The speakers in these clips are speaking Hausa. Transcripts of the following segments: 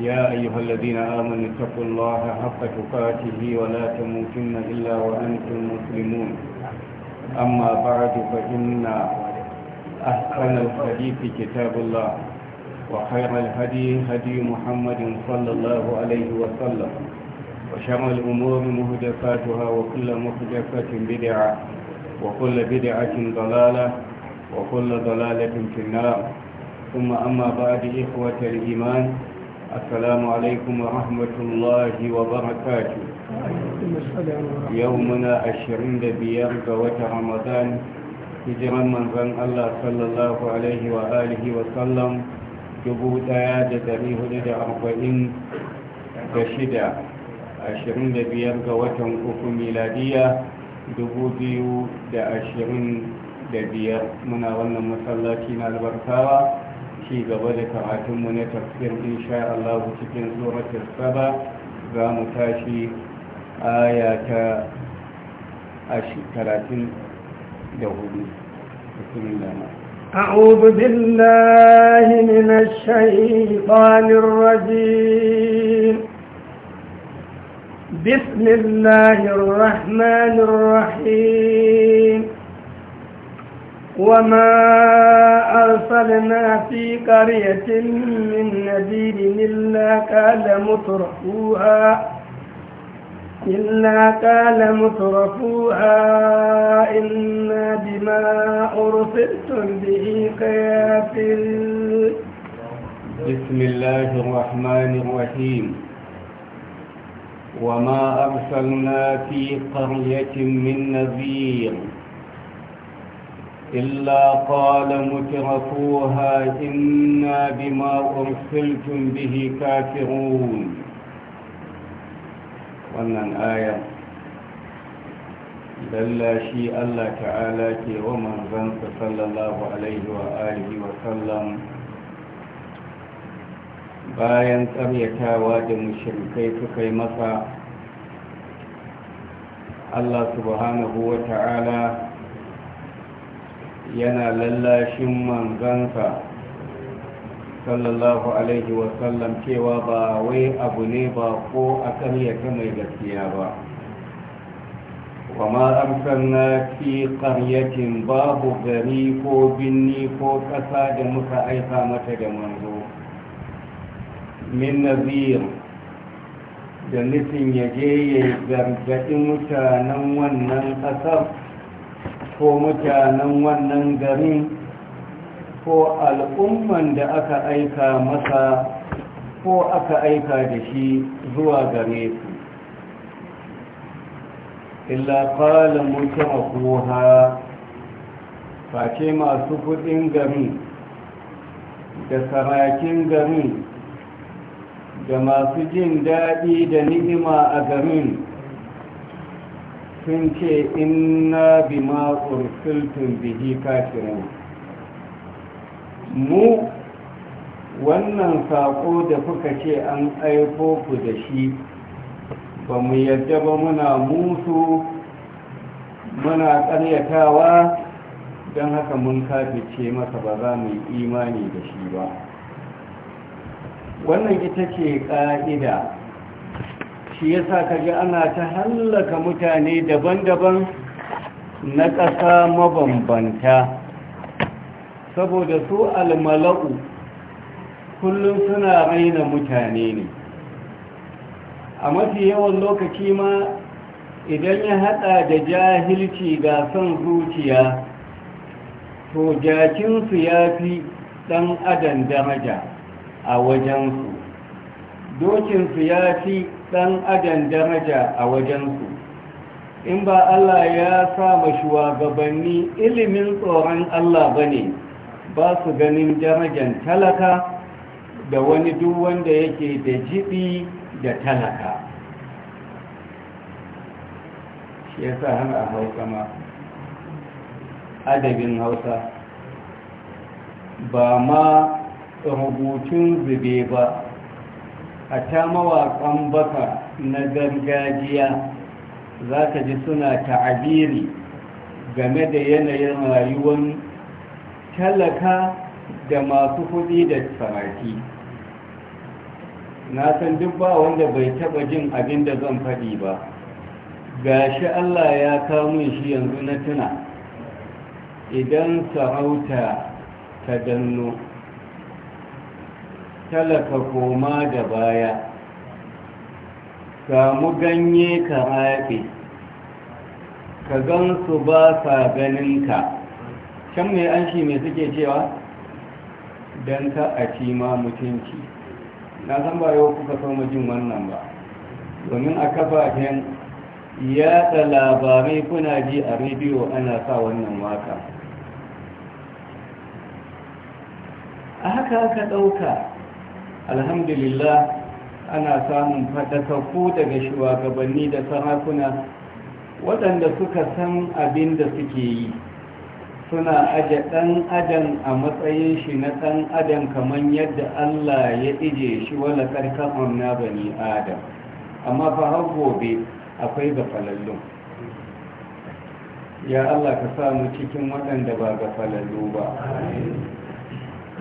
يا أيها الذين آمنوا اتقوا الله حق تقاته ولا تموتن إلا وأنتم مسلمون أما بعد فإن أحسن الحديث كتاب الله وخير الهدي هدي محمد صلى الله عليه وسلم وشر الأمور مهدفاتها وكل مهدفة بدعة وكل بدعة ضلالة وكل ضلالة في النار ثم أما بعد إخوة الإيمان السلام عليكم ورحمة الله وبركاته يومنا عشرين بيار قوة رمضان هجرا من ظن الله صلى الله عليه وآله وسلم جبوتا ياد دريه لدى أربعين تشدى عشرين بيار قوة أفو ميلادية دبوتيو دا عشرين بيار منا ولنا مسلاتين البركاوة ci gaba da karatunmu na tafsir insha Allah cikin suratul saba za mu tashi aya ta talatin da hudu أعوذ بالله من الشيطان الرجيم بسم الله الرحمن الرحيم وما أرسلنا في قرية من نذير إلا قال مترفوها إلا قال مترفوها إنا بما أرسلتم به كافر بسم الله الرحمن الرحيم وما أرسلنا في قرية من نذير إلا قال مترفوها إنا بما أرسلتم به كافرون wannan aya lallashi Allah ta'ala ke wa manzansa sallallahu alaihi wa alihi wa sallam bayan tsaryatawa da mushrikai suka yi masa Allah subhanahu wa ta'ala yana lallashin manzansa sallallahu alaihi wasallam cewa ba wai abu ne ba ko a karyata mai gaskiya ba Kuma fi ƙaryatin babu-gari ko binni ko ƙasa da muka aika mata da manzo. min nazir da nufin ya je ya gargaɗi mutanen wannan ƙasar ko mutanen wannan garin ko al'umman da aka aika masa ko aka aika da shi zuwa gare su illa qala mutarafuha face masu kudin gari da sarakin gari da masu jin daɗi da ni'ima a garin sun ce inna bima ursiltum bihi kafirun mu wannan saƙo da kuka ce an aiko ku da shi ba mu yadda ba muna musu muna ƙaryatawa don haka mun kafice masa ba za mu imani da shi ba wannan ita ce ƙa'ida shi yasa kaji ana ta hallaka mutane daban-daban na ƙasa mabambanta saboda su almala'u kullum suna raina mutane ne a mafi yawan lokaci ma idan ya haɗa da jahilci ga son zuciya to jakinsu ya fi ɗan adam daraja a wajensu dokinsu ya fi ɗan adam daraja a wajen wajensu in ba Allah ya sa ma shugabanni ilimin tsoron Allah ba ne ba su ganin darajan talaka da wani duk wanda yake da jiɗi da talaka shi ya sa har a hausa ma adabin hausa ba ma rubutun zube ba A ta mawaƙan baka na gargajiya za ka ji suna ta'abiri game da yanayin rayuwar talaka da masu kuɗi da tsaraki na san duk ba wanda bai taɓa jin abin da zan faɗi ba Ga shi allah ya kawo shi yanzu na tuna idan sarauta ta danno talaka koma da baya samu ganye ka haɗe ka gansu ba sa ganinka can mai an shi mai suke cewa don ka a ci ma mutunci na san ba yau kuka so jin wannan ba domin a kafafen yaɗa labarai kuna ji a rediyo ana sa wannan waka a haka ka ɗauka alhamdulillah ana samun fadakaku daga shugabanni da sarakuna waɗanda suka san abin da suke yi suna aje ɗan adam a matsayin shi na ɗan adam kamar yadda allah ya ije shi wala karkan amna bani adam amma fa har gobe akwai gafalallu ya allah ka samu cikin waɗanda ba gafalallu ba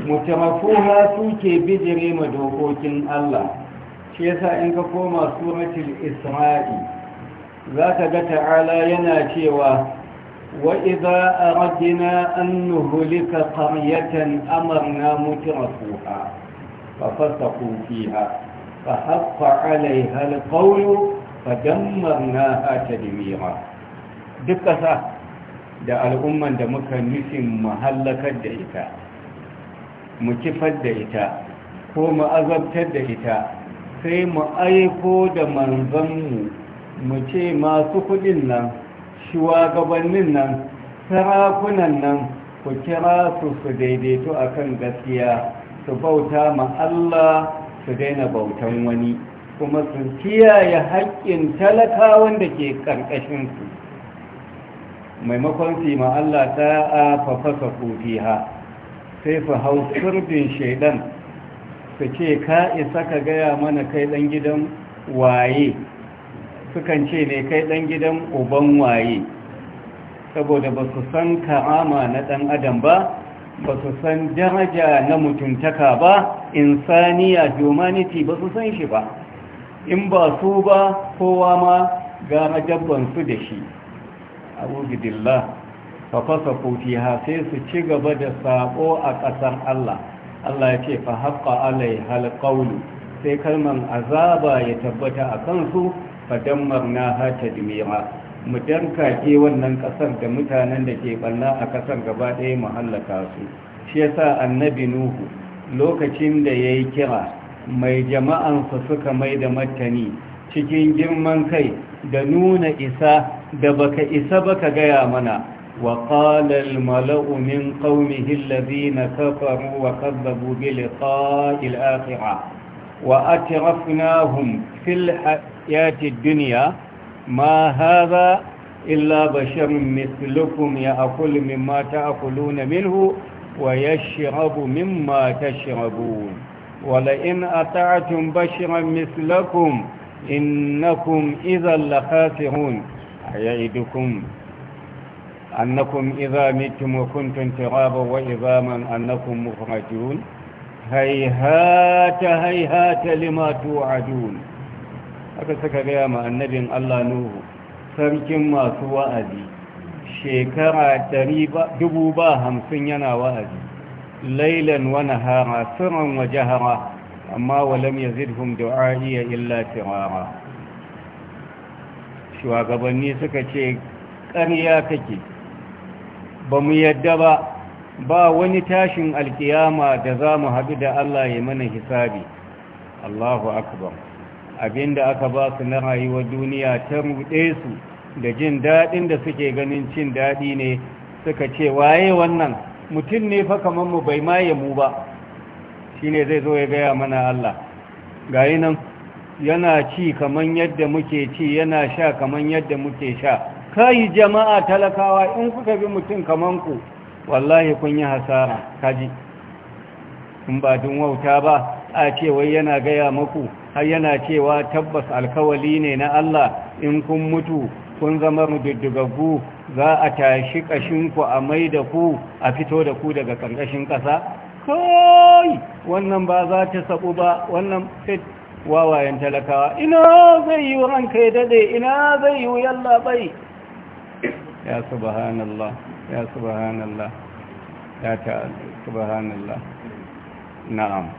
mutamafuha suke bijire ma dokokin Allah shi yasa in ka koma suratul isra'i zaka ga ta'ala yana cewa wa idza aradna an nuhlika qaryatan amarna mutamafuha fa fasaqu fiha fa haqqa 'alayha al-qawlu fadammarnaha tadmira duk ƙasa da al'umman da muka nufin mahallakar da ita mu kifar da ita ko mu azabtar da ita sai mu aiko da manzanmu mu ce masu kudin nan shugabannin nan sarakunan nan ku kira su su daidaito akan gaskiya su bauta ma Allah su daina bautan wani kuma su kiyaye haƙƙin talakawan da ke ƙarƙashinsu maimakon su yi ma Allah ta a fafasa kofi sai su hau turbin shaidan su ce ka isa ka gaya mana kai dan gidan waye sukan ce ne kai ɗan gidan uban waye saboda ba su san ka'ama na ɗan adam ba ba su san daraja na mutuntaka ba insaniya humanity ba su san shi ba in ba su ba kowa ma gara jabban su da shi abu gidillah fa fasaku fiha sai su ci gaba da sabo a ƙasar Allah Allah ya ce fa haqqa alaiha alqawlu sai kalman azaba ya tabbata a kansu fa na ha dimira mu danka ke wannan ƙasar da mutanen da ke balla a ƙasar gaba ɗaya mu hallaka su shi yasa annabi nuhu lokacin da yayi kira mai jama'an su suka mai da martani cikin girman kai da nuna isa da baka isa baka gaya mana وقال الملأ من قومه الذين كفروا وكذبوا بلقاء الآخرة وأترفناهم في الحياة الدنيا ما هذا إلا بشر مثلكم يأكل مما تأكلون منه ويشرب مما تشربون ولئن أطعتم بشرا مثلكم إنكم إذا لخاسرون أيعدكم أنكم إذا متم وكنتم ترابا وعظاما أنكم مخرجون هيهات هيهات Aka saka gaya ma annabin Allah nuhu. sarkin masu wa'azi shekara dubu ba hamsin yana wa'azi lailan wani hara sirran wa amma walam ya zidhum du'a'iyya illa tirara shugabanni suka ce ƙarya kake ba mu yadda ba ba wani tashin alkiyama da za mu haɗu da Allah ya mana hisabi Allahu akbar abinda aka ba su na rayuwa duniya ta ruɗe su da jin daɗin da suke ganin cin daɗi ne suka ce waye wannan mutum ne fa kamar mu bai maye mu ba shine zai zo ya gaya mana Allah gayi nan yana ci kaman yadda muke ci yana sha kaman yadda muke sha kai jama'a talakawa in kuka bi mutum kaman ku wallahi kun yi hasara kaji in ba dun wauta ba a ce wai yana gaya maku har yana cewa tabbas alkawali ne na Allah in kun mutu kun zama mududdugagu za a tashi ƙashinku a mai da ku a fito da ku daga ƙarƙashin ƙasa kai wannan ba za ta sabu ba wannan fit wawayen talakawa ina zai yi ranka ya daɗe ina zai yi yalla bai ya subhanallah ya subhanallah ya ta subhanallah na'am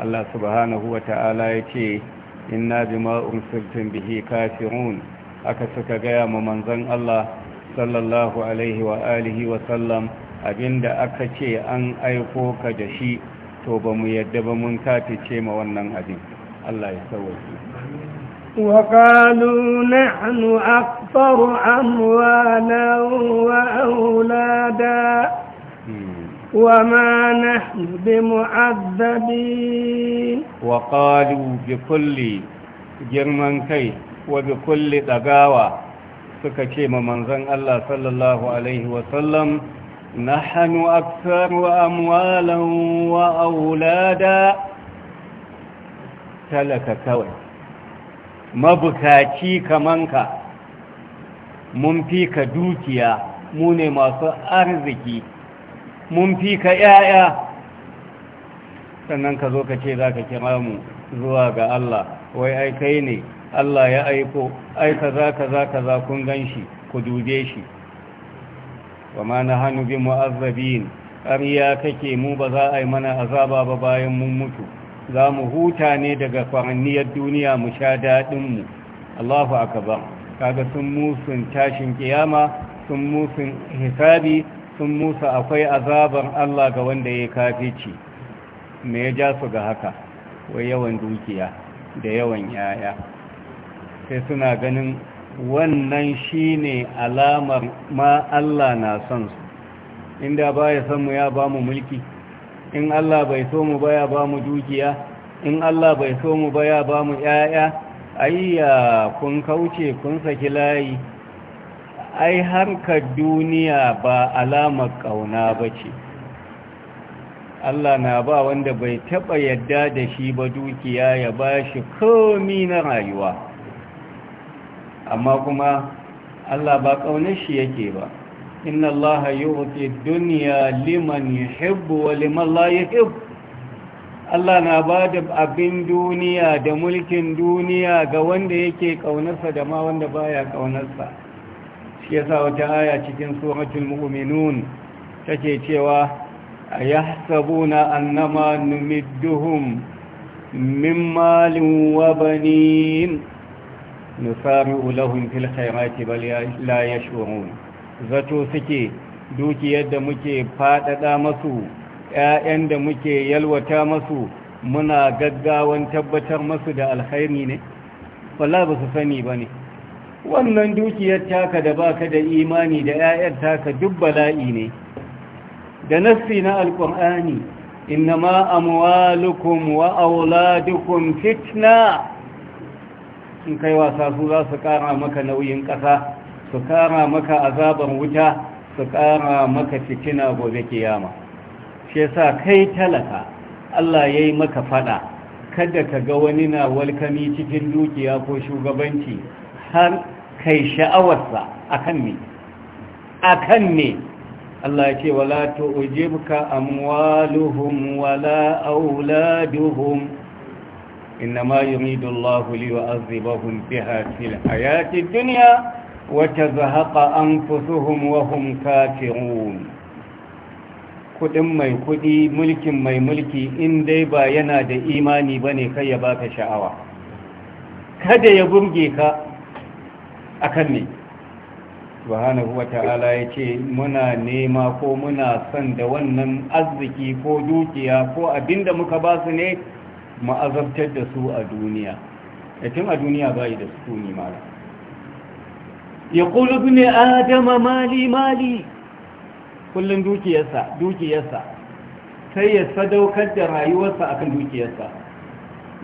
Allah subhanahu wa ta'ala yace inna bima umsiltum bihi kafirun aka suka gaya ma manzon Allah sallallahu alaihi wa alihi wa sallam abinda aka ce an aiko ka da shi to ba mu yadda ba mun kafice ma wannan abin Allah ya sauke وقالوا نحن أكثر أموالا وأولادا وما نحن بمعذبين وقالوا بكل جرمان كي وبكل دقاوة سكتيم منزن الله صلى الله عليه وسلم نحن أكثر أموالا وأولادا تلك كوي mabukaci kamanka mun fi ka dukiya mu ne masu arziki mun fi ka ‘ya'ya sannan ka zo ka ce za ka kira mu zuwa ga Allah wai ai kai ne Allah ya aiko ai za ka za kun gan shi ku dube shi wa ma na hannu bi mu'azzabin ƙarya kake mu ba za a yi mana azaba ba bayan mun mutu za mu huta ne daga faranniyar duniya mu sha daɗinmu allahu akabar kaga sun musun tashin kiyama sun musun hisabi sun musa akwai azabar allah ga wanda ya kafici me ya ja su ga haka wai yawan dukiya da yawan yaya sai suna ganin wannan shi ne alamar ma allah na son su inda ba ya san mu ya ba mu mulki in Allah bai so mu baya ba mu dukiya in Allah bai so mu baya ba mu 'ya'ya? ayya kun kauce kun saki layi ai harkar duniya ba alamar kauna bace Allah na ba wanda bai taba yadda da shi ba dukiya ya bashi komi na rayuwa amma kuma Allah ba kaunar shi yake ba إن الله يؤتي الدنيا لمن يحب ولمن لا يحب Allah na ba da abin duniya da mulkin duniya ga wanda yake kaunarsa da ma wanda baya ƙaunarsa. shi yasa wata aya cikin suratul mu'minun take cewa ayahsabuna annama numidduhum min malin wa banin nusari'u lahum fil bal la yash'urun zato suke dukiyar da muke faɗaɗa masu ‘ya'yan da muke yalwata masu muna gaggawan tabbatar masu da alkhairi ne wallahi ba su sani ba ne wannan dukiyar taka da baka da imani da ‘ya'yan taka duk bala'i ne da nassi na alƙur'ani innama amwalukum wa auladukum fitna in kai wasa su za su ƙara maka nauyin ƙasa su kara maka azabar wuta su kara maka fitina gobe kiyama shi sa kai talaka Allah yayi maka fada kada ka ga wani na walkami cikin dukiya ko shugabanci har kai sha'awarsa akan ne akan ne Allah ya ce wala tu'jibka amwaluhum wala auladuhum inma yuridu Allahu liyu'adhibahum biha fil hayati dunya وتزهق أنفسهم وهم كافرون kudin mai kudi mulkin mai mulki in dai ba yana da imani ba ne kai ya baka sha'awa kada ya burge ka akan ne subhanahu wata'ala ya ce muna nema ko muna son da wannan arziki ko dukiya ko abinda muka ba su ne mu azabtar da su a duniya da a duniya bai da su ni mara Ya يقول ابن Adama Mali-Mali. kullum dukiyarsa dukiyarsa sai ya sadaukar da rayuwarsa akan dukiyarsa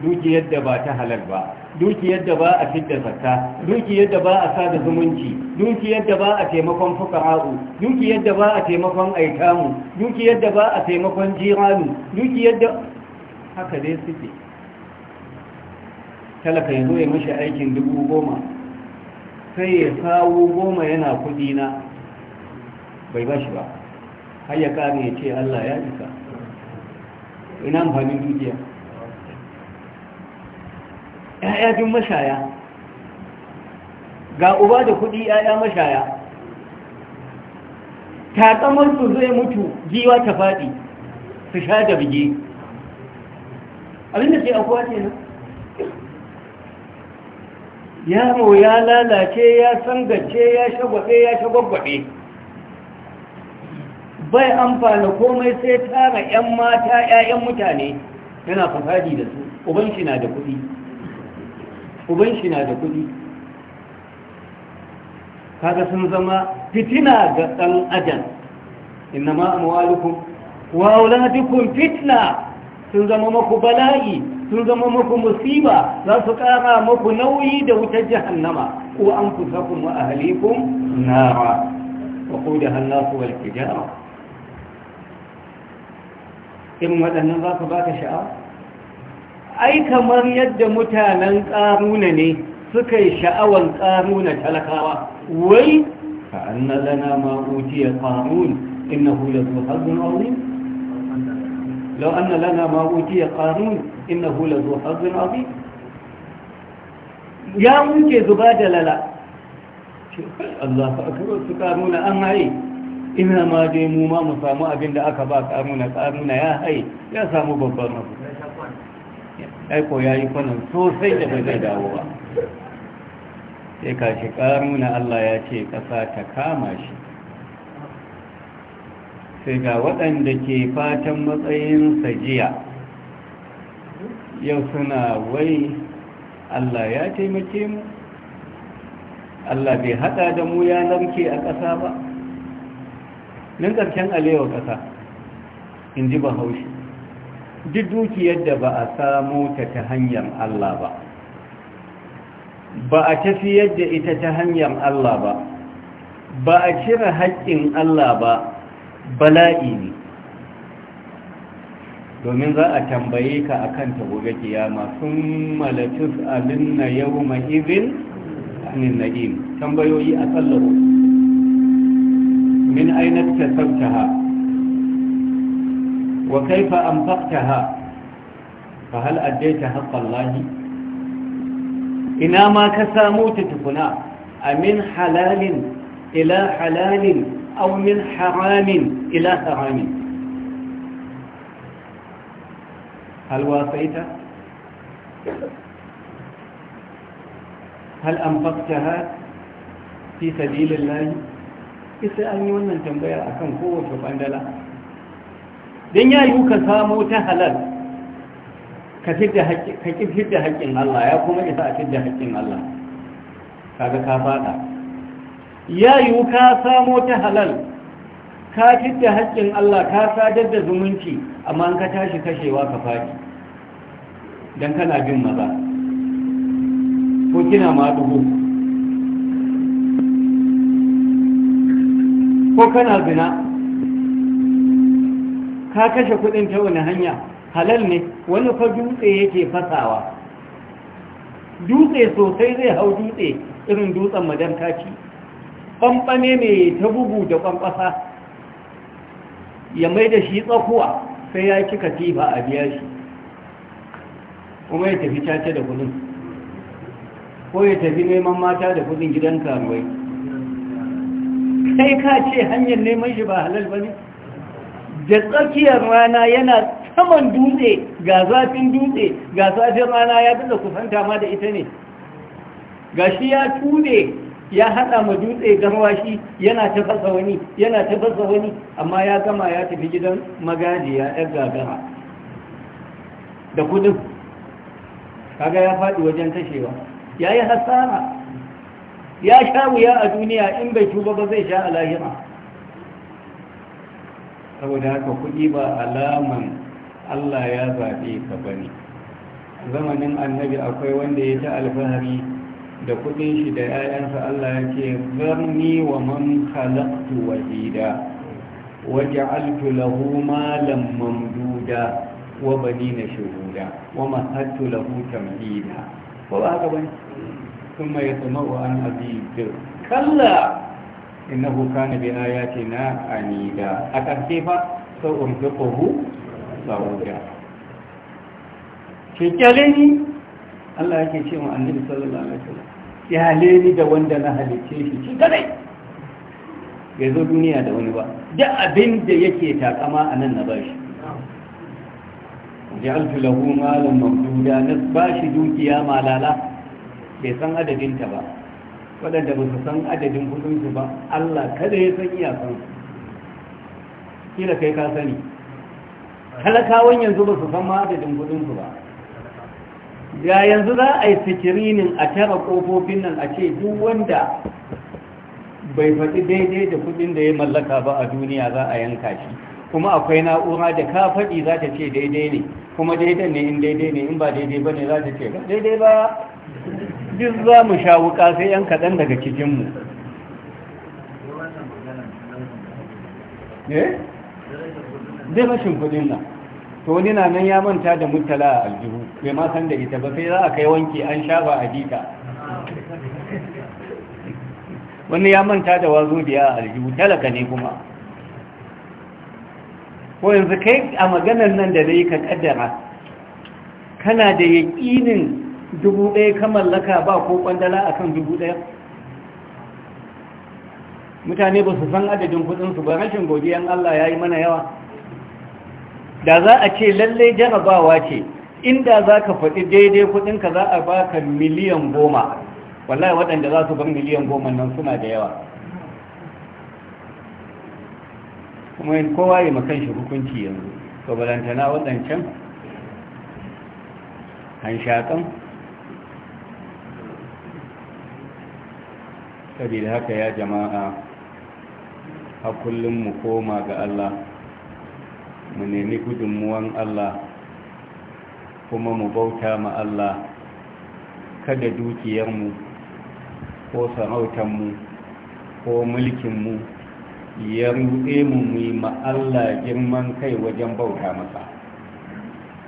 dukiyar da ba ta halal ba dukiyar da ba a fidda zakka dukiyar da ba a sada zumunci dukiyar da ba a taimakon fukara'u dukiyar da ba a taimakon aikamu dukiyar da ba a taimakon jiranu dukiyar da haka dai suke talaka ya zo ya mashi aikin dubu goma sai ya kawo goma yana kudi na bai ba shi ba har ya kare ya ce Allah ya isa ina amfanin dukiya ya'ya jin mashaya ga uba da kudi ya'ya mashaya takamarsu zai mutu giwa ta faɗi su sha da bige abinda sai akwai ce na yaro ya lalace ya sangace ya shagwaɗe ya shagwaɗe bai amfana komai sai tara 'yan mata 'ya'yan mutane yana fahadi da su uban shi na da kuɗi. uban shi na da kuɗi. kaga sun zama fitina ga ɗan ajan inna ma amwalukum wa auladukum fitna sun zama maku bala'i sun zama muku musiba za su ƙara muku nauyi da wutar jahannama ko an kusa kuma a halikun nara wa ko da hannasu walke kijara irin waɗannan za ka ba ka sha'awa ai kamar yadda mutanen ƙaruna ne suka yi sha'awan ƙaruna talakawa wai ka annalana ma'uti ya ƙarun innahu da zuwa hazin لو أن لنا ما أوتي قارون إنه لذو حظ عظيم ya wuce zuba da lala Allah fa akbar su karuna an haye ina ma dai mu ma mu samu abin da aka ba karuna karuna ya haye ya samu babban mafi aiko ya yi kwanan sosai da ba dawo ba sai kashi karuna Allah ya ta kama shi sai ga waɗanda ke fatan matsayin sajiya yau suna wai Allah ya taimake mu Allah bai haɗa da mu ya lamke a ƙasa ba nan ƙarshen alewa ƙasa in ji bahaushe duk dukiyar da ba a samu ta ta hanyar Allah ba ba a tafiyar da ita ta hanyar Allah ba ba a cire haƙƙin Allah ba bala'i ne domin za a tambaye ka a ta gobe kiyama sun malatus alinna yau mai izin anin na'im tambayoyi a tsallawo min ainihin tasabtaha wa kaifa an fakta anfaqtaha fa hal addaita haqqallahi ina ma ka samu ta tukuna amin halalin ila halalin أو من حرام إلى حرام هل وافيت هل أنفقتها في سبيل الله isa an yi wannan tambayar akan kowace bandala don ya yi samo ta halar. ka fi da haƙƙin Allah ya kuma isa a fi haƙƙin Allah kaga ka ya yiwu ka samo ta halal ka fidda haƙƙin Allah ka sadar da zumunci amma an ka tashi kashewa ka faɗi don kana bin maza ko kina ma dubu ko kana zina ka kashe kuɗin ta wani hanya halal ne wani fa dutse yake fasawa dutse sosai zai hau dutse irin dutsen madan kaci ƙwanƙwane mai ta bugu da ƙwanƙwasa ya mai da shi tsakuwa sai ya ci katifa a biya shi kuma ya tafi cace da kudin ko ya tafi neman mata da kudin gidan karuwai Sai ka ce hanyar neman shi ba halal ba ne da tsakiyar rana yana saman dutse ga zafin dutse ga zafin rana ya dada kusanta ma da ita ne ga shi ya tude ya haɗa ma dutse garwashi yana ta fasa wani yana ta fasa wani amma ya gama ya tafi gidan magajiya ɗan gagara da kudin kaga ya faɗi wajen tashewa ya yi hasara ya sha wuya a duniya in bai tuba ba zai sha a lahira saboda haka kuɗi ba alaman allah ya zaɓe ka bane zamanin annabi akwai wanda ya ta alfahari da kudin shi da 'ya'yansa Allah ya ce zarni wa man khalaqtu wahida waja'altu lahu malan mamduda wa banina shuhuda wa mahattu lahu tamhida ko ba haka bane kuma ya sama'u an azid kalla innahu kana bi ayatina anida a ƙarshe fa sau umfiquhu sauda ni. Allah yake ce wa annabi sallallahu alaihi wasallam ya halini da wanda na halice shi shi kadai ya zo duniya da wani ba duk abin da yake takama a nan na bashi ja'altu lahu malan mamduda na bashi dukiya malala bai san adadin ta ba waɗanda ba su san adadin su ba Allah kada ya san iyakan kila kai ka sani talakawan yanzu ba su san ma adadin su ba ga yanzu za a yi sikirinin a tara kofofin nan a ce duk wanda bai faɗi daidai da kudin da ya mallaka ba a duniya za a yanka shi kuma akwai na'ura da ka faɗi za ta ce daidai ne kuma daidai ne in daidai ne in ba daidai ba ne za ta ce daidai ba duk za mu sha wuka sai yan kaɗan daga cikinmu zai eh? rashin kudin nan to wani na nan ya manta da mutala a aljihu bai ma san da ita ba sai za a kai wanki an shafa a jika wani ya manta da wazo biya a aljihu talaka ne kuma ko yanzu kai a maganar nan da zai ka kaddara kana da yaƙinin dubu ɗaya ka mallaka ba ko ƙwandala a kan dubu ɗaya mutane ba su san adadin kudinsu ba rashin godiyan Allah ya yi mana yawa da za a ce lallai jarabawa ce inda za ka faɗi daidai kudinka za a baka miliyan goma wallahi waɗanda za su bar miliyan goma nan suna da yawa kuma yin kowa yi makan shi hukunci yanzu to balantana waɗancan hanshakan Sabida haka ya jama'a a mu koma ga Allah mu nemi gudunmuwan Allah kuma mu bauta ma Allah kada dukiyarmu ko sarautanmu ko mulkinmu ya ruɗe mu mu yi Allah girman kai wajen bauta masa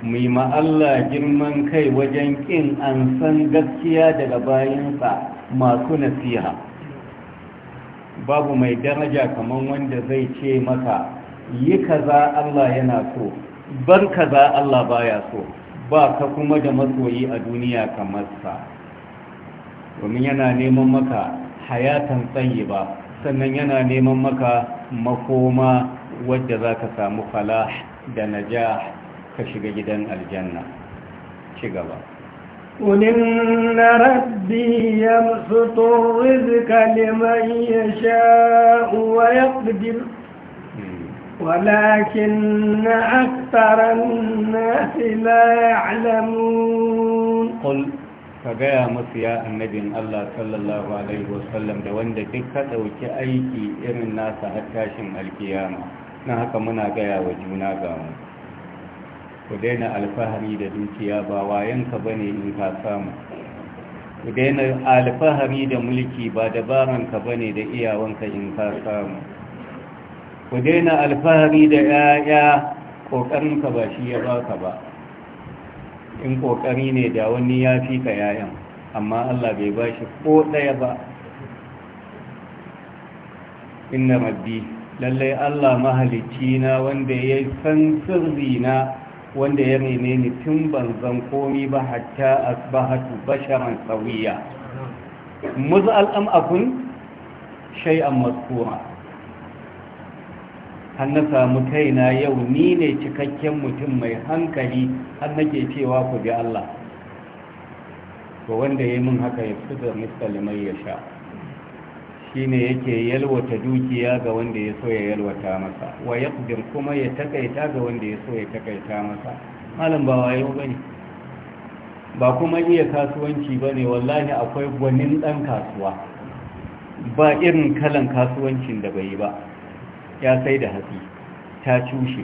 mu yi Allah girman kai wajen ƙin an san gaskiya daga bayansa masu nasiha babu mai daraja kamar wanda zai ce maka yi kaza Allah yana so bar kaza Allah baya so ba ka kuma da masoyi a duniya kamar sa domin yana neman maka hayatan tsayi ba sannan yana neman maka makoma wadda za ka samu falah da naja ka shiga gidan aljanna ci gaba قل إن ربي يبسط الرزق لمن يشاء ويقدر ولكن أكثر الناس لا يعلمون قل فجاء مسيا النبي الله صلى الله عليه وسلم da wanda duk ka dauki aiki irin nasa har tashin alkiyama na haka muna gaya wa juna ga ku daina alfahari da dukiya ba wayanka bane in ka samu ku daina alfahari da mulki ba dabaranka bane da iyawanka in ka samu ku daina alfahari da 'ya'ya ƙoƙarin ka ba shi ya baka ba in ƙoƙari ne da wani ya fi ka 'ya'yan amma Allah bai ba shi ko ɗaya ba inna rabbi lallai Allah mahalicci na wanda ya san sirri na wanda ya rene ni tun ban zan komi ba hatta asbahatu basharan sawiya muz al'am akun shay'an maskura har na samu kaina yau ni ne cikakken mutum mai hankali har nake cewa ku bi Allah to wanda ya min haka ya fi da musulmai ya sha shi ne yake yalwata dukiya ga wanda ya so ya yalwata masa wa ya kuma ya takaita ga wanda ya so ya takaita masa malam ba wayo ba ne ba kuma iya kasuwanci ba ne wallahi akwai gwanin ɗan kasuwa ba irin kalan kasuwancin da bai yi ba ya sai da hatsi ta cushe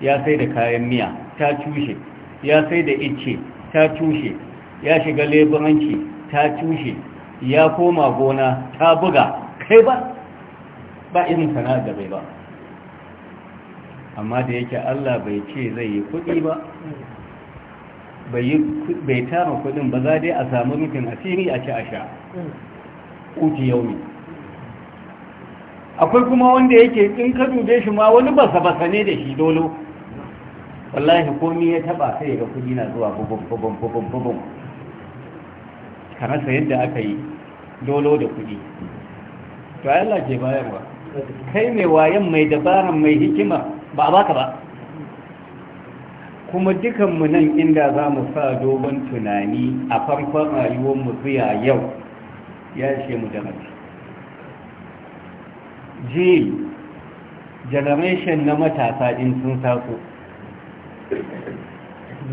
ya sai da kayan miya ta cushe ya sai da icce ta cushe ya shiga leburanci ta cushe ya koma gona ta buga kai ba ba irin sana'ar da bai ba amma da yake Allah bai ce zai yi kuɗi ba bai tara kuɗin ba za dai a samu rufin asiri a ci a sha mm. uti yau ne akwai kuma wanda yake in ka dube shi ma wani basa basa ne da shi dolo wallahi komi ya taba sai ga kudi na zuwa bubun bubun bubun bubun karasa yadda aka yi dolo da kudi to Allah ke bayarwa kai mai wayan mai dabaran mai hikima ba a baka ba kuma mu nan inda za mu sa dogon tunani a farkon rayuwar mu zuya yau ya ce mu da mace jil generation na matasa in sun taso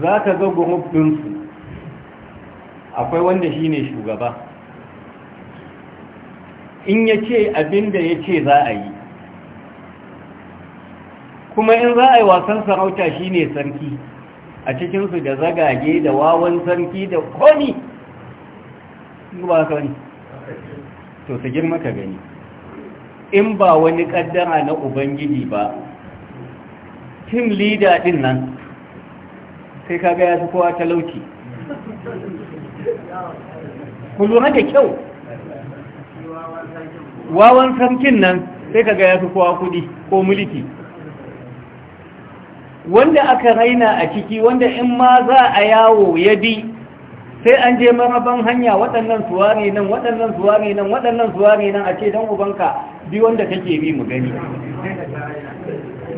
za ka ga gurubinsu akwai wanda shi ne shugaba in ya ce abinda ya ce za a yi kuma in za a yi wasan sarauta shi ne sarki a cikinsu da zagage da wawan sarki da komi ba ka ne to su girma ka gani in ba wani kaddara na ubangiji ba tim leader din nan sai kaga ya fi kowa talauci ku lura da kyau wawan sarkin nan sai kaga ya fi kowa kudi ko mulki wanda aka raina a ciki wanda in ma za a yawo ya bi sai an je maraban hanya waɗannan suwari nan waɗannan suwari nan waɗannan suwari nan a ce don ubanka bi wanda kake bi mu gani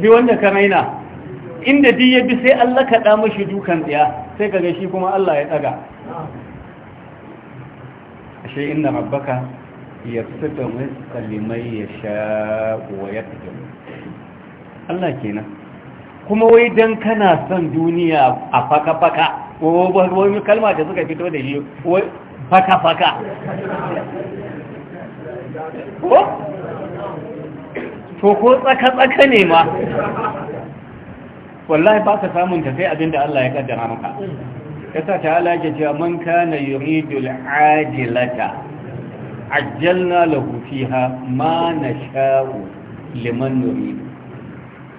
bi wanda ka raina inda di ya bi sai Allah ka da mashi dukan tsaya sai kaga shi kuma Allah ya daga ashe inna rabbaka yabsutu rizqa liman yasha wa yaqdir Allah kenan kuma wai dan kana son duniya a faka-faka wani kalma da suka fito da shi faka-faka ko to ko tsaka-tsaka ne ma wallahi ba ka samun tafai abinda Allah ya kaddara maka yasa ta ala cewa man kana yuridul ajilata ajjalna lahu fiha ma nasha'u liman nuridu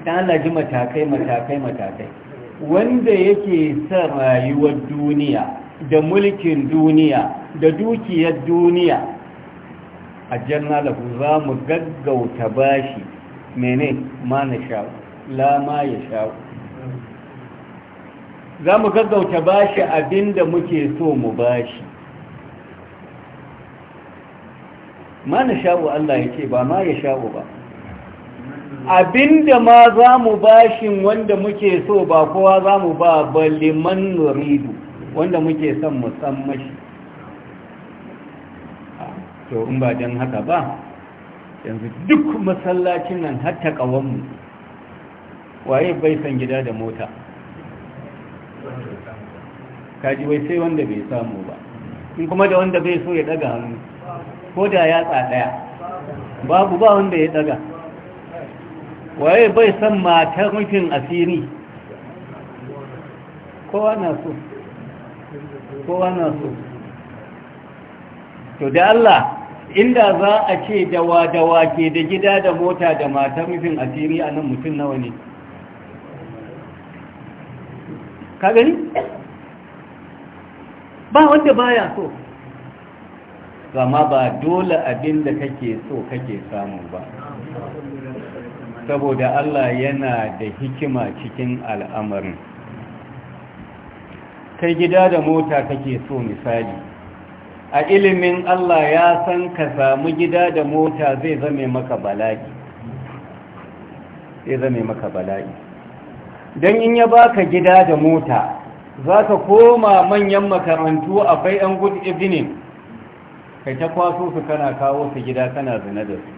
ta ala ji matakai matakai matakai wanda yake son rayuwar duniya da mulkin duniya da dukiyar duniya ajjalna lahu za mu gaggauta bashi mene ma na sha la ma ya sha za mu gaggauta bashi abinda muke so mu bashi ma na sha'u Allah ya ce ba ma ya sha'u ba abinda ma za mu bashin wanda muke so ba kowa za mu ba balliman nuridu wanda muke son musammashi to in ba don haka ba yanzu duk masallacin nan hatta kawanmu waye bai san gida da mota kaji bai sai wanda bai samu ba in kuma da wanda bai so ya daga hannu ko da ya tsadaya babu ba wanda ya daga waye bai san matar rufin asiri kowa na so kowa na so to da Allah inda za a ce dawa dawa ke da gida da mota da mata mufin asiri a nan mutum nawa ne ba wanda baya so zama ba dole abin da kake so kake samu ba saboda Allah yana da hikima cikin al'amarin kai gida da mota kake so misali a ilimin Allah ya san ka samu gida da mota zai zame maka bala'i zai zame maka bala'i don in ya baka gida da mota za ka koma manyan makarantu a bai an gudu evening kai ta kwaso su kana kawo su gida kana zina da su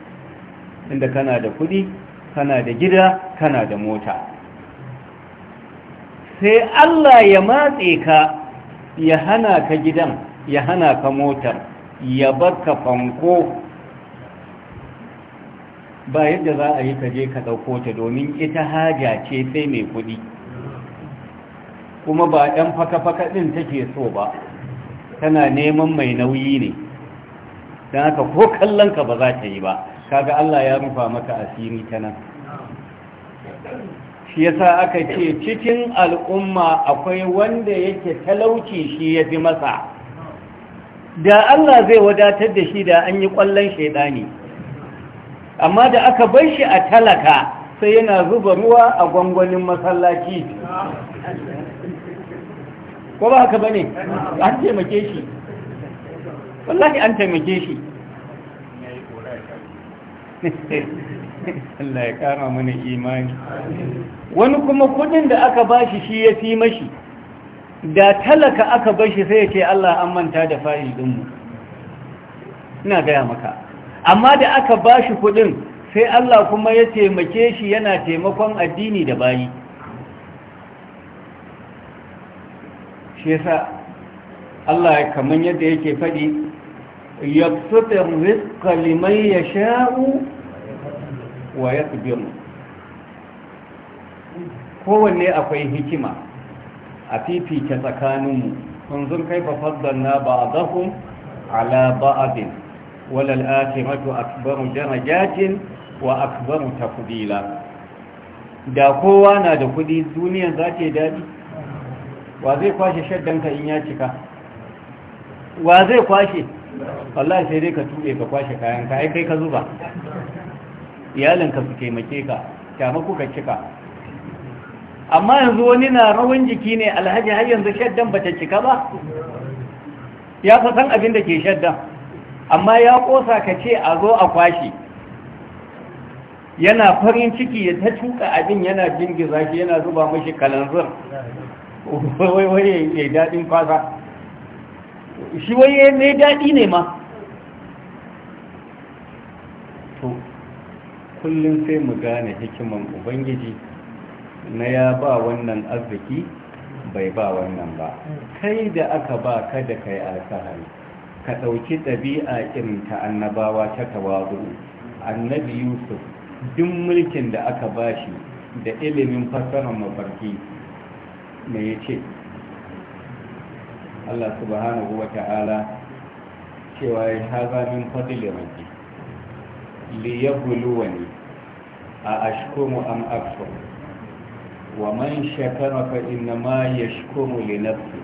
inda kana da kudi kana da gida kana da mota sai Allah ya matse ka ya hana ka gidan ya hana ka motar ya baka fanko ba yadda za a yi ka je ka ɗauko ta domin ita haja ce sai mai kuɗi kuma ba ɗan faka-faka ɗin take so ba tana neman mai nauyi ne don haka ko kallonka ba za ta yi ba kaga Allah ya rufa maka asiri ta nan shi yasa aka ce cikin al'umma akwai wanda yake talauci shi ya fi masa da Allah zai wadatar da shi da an yi ƙwallon shaidani amma da aka bar shi a talaka sai yana zuba ruwa a gwangwanin masallaci ko ba haka ba ne an taimake shi wallahi an taimake shi Allah ya kama mana imani wani kuma kudin da aka bashi shi ya fi mashi da talaka aka bashi sai yake ce Allah an manta da fa'il ɗinmu ina gaya maka amma da aka bashi kuɗin sai Allah kuma ya taimake shi yana taimakon addini da bayi shi yasa Allah kamar yadda yake faɗi ya fitar rizka liman ya sha'u wa ya kowanne akwai hikima a fifita tsakaninmu na ba a zafin ala mato a kubarun jana darajatin wa ta kudila. da kowa na da kudi duniyan za ta yi daɗi wa zai kwashe shaddanka in ya cika wa zai kwashe Allah sai dai ka tuɗe ka kwashe kayan ai kai ka zuba iyalinka su taimake ka taimako ka cika amma yanzu wani na rawan jiki ne alhaji har yanzu shaddan bata cika ba ya fa san abin da ke shaddan amma ya kosa ka ce a zo a kwashe yana farin ciki ya ta tuka abin yana jingiza shi yana zuba mashi kalanzir wai wai ya daɗin kwasa shi wai mai daɗi ne ma to kullum sai mu gane hikiman ubangiji na ya ba wannan arziki bai ba wannan ba kai da aka ba ka da kai alfahari ka ɗauki ɗabi'a irin ta annabawa ta tawazu annabi yusuf duk mulkin da aka ba shi da ilimin fassarar mafarki me ya ce allah subhanahu wa ta'ala cewa ya haza min fadli Liya buluwa ne. a ashkuru an akfur ومن شكر فإنما يشكر لنفسه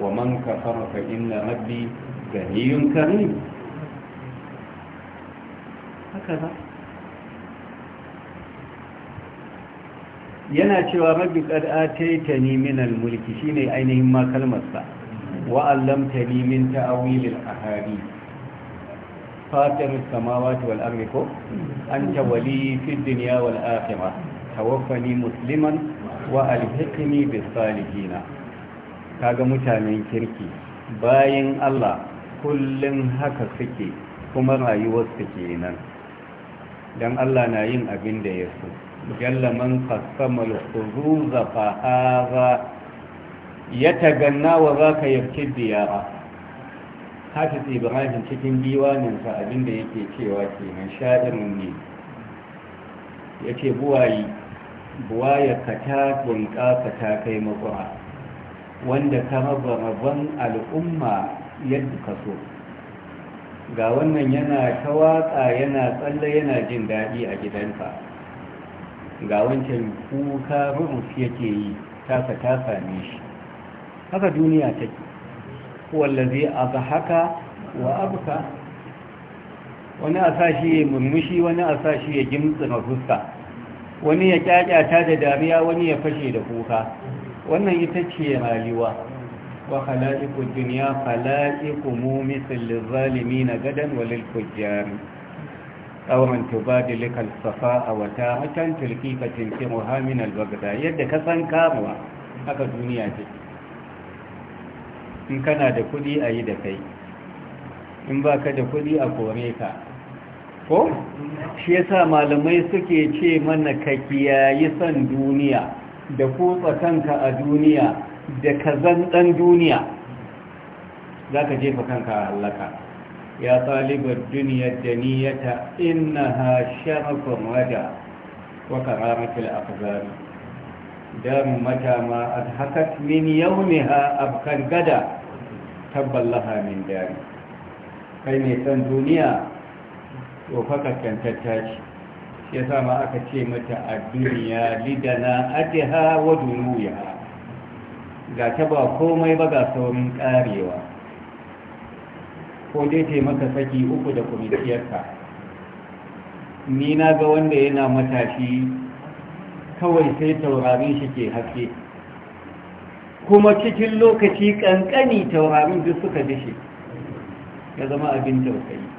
ومن كفر فإن ربي غني كريم هكذا yana cewa rabbi qad ataitani min al-mulk shine ainihin ma kalmar sa wa allamtani min ta'wil al-ahadith fatir as-samawati wal ardi ko anta wali fid dunya wal akhirah tawaffani musliman wa alhikmi bis salihina kaga mutanen kirki bayan Allah kullum haka suke kuma rayuwar su kenan dan Allah na yin abin da ya so jalla man qasama al fa hadha yataganna wa zaka yarki diyara hafiz ibrahim cikin diwanin sa abin da yake cewa kenan sha'irun ne yake buwayi buwaya ka ta ka ta kai makura wanda ka raba rabon al'umma yadda ka so ga wannan yana ta waƙa yana tsalle yana jin daɗi a gidansa ga wancan kuka rurus yake yi tasa ta same shi haka duniya take wallazi abu haka wa abuka wani a shi ya murmushi wani a shi ya gimtsina fuska wani ya kyakyata da dariya wani ya fashe da kuka wannan ita ce rayuwa wa khala'iqud dunya khala'iqumu mithl zalimin gadan walil fujjar auren tubadilik alsafa a wata hakan tulkikatin kimuha min baghda yadda ka san kamuwa haka duniya ce in kana da kudi a yi da kai in ba ka da kudi a kore ka ko shi yasa malamai suke ce mana ka kiyayi san duniya da kutsa kanka a duniya da ka zan dan duniya za ka jefa kanka a halaka ya talibar duniyar daniyata innaha sharakun wada wa karamatul afzari dan mata ma adhakat min yawmiha abkan gada Tabbalaha min dari kai ne san duniya to faka ce shi yasa ma aka ce mata a duniya lidana ajiha wa dunuya ga ta ba komai ba ga saurin karewa ko dai maka saki uku da kwamitiyarka ni na ga wanda yana matashi kawai sai taurarin shi ke haske kuma cikin lokaci kankani taurarin duk suka dishe ya zama abin tausayi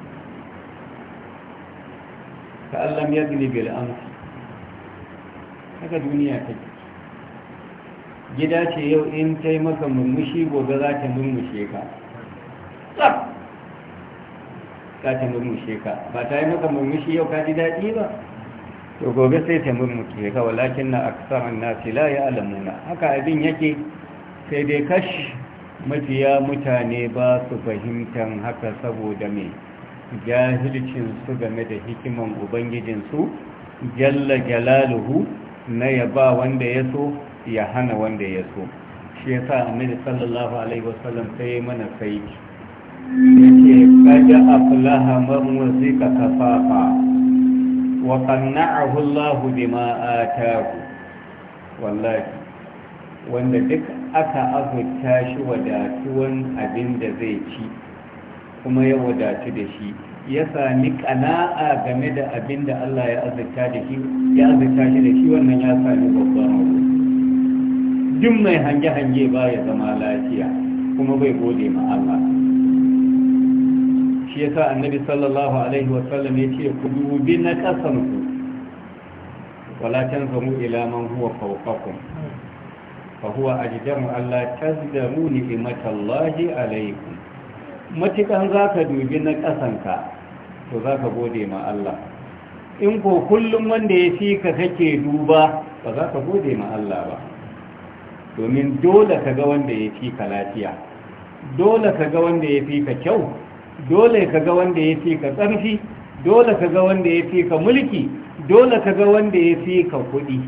ka allam ya zini bil amsi haka duniya ta gida ce yau in ta yi maka murmushi gobe za ta mummushe ka za ta mummushe ka ba ta yi maka murmushi yau ka ji daɗi ba to gobe sai ta mummushe ka walakin na aksarar nasi la ya alamuna haka abin yake sai dai kash mafiya mutane ba su fahimtan haka saboda mai jahilcinsu game da hikiman ubangijinsu jalla jalaluhu na yaba wanda ya so ya hana wanda ya so shi ya sa annabi sallallahu alaihi wasallam sai mana sai ya ce kaja aflaha man wazika kafafa wa qanna'ahu Allah bima ataahu wallahi wanda duk aka azurta shi wadatuwan abin da zai ci kuma ya wadatu da shi ya sami kana'a game da abin da Allah ya azurta da shi ya azurta shi da shi wannan ya sami babban abu duk mai hange-hange ba ya zama lafiya kuma bai gode ma Allah shi ya sa annabi sallallahu alaihi wa sallam ya ce ku dubi na kasan ku wala tanzamu ila man huwa fawqakum fa huwa ajdamu alla tazdamu ni'matallahi alaikum matukan za ka dubi na ƙasanka to za ka gode ma Allah in ko kullum wanda ya fi ka kake duba ba za ka gode ma Allah ba domin dole ka ga wanda ya fi ka lafiya dole ka ga wanda ya fi ka kyau dole ka ga wanda ya fi ka ƙarfi dole ka ga wanda ya fi ka mulki dole ka ga wanda ya fi ka kuɗi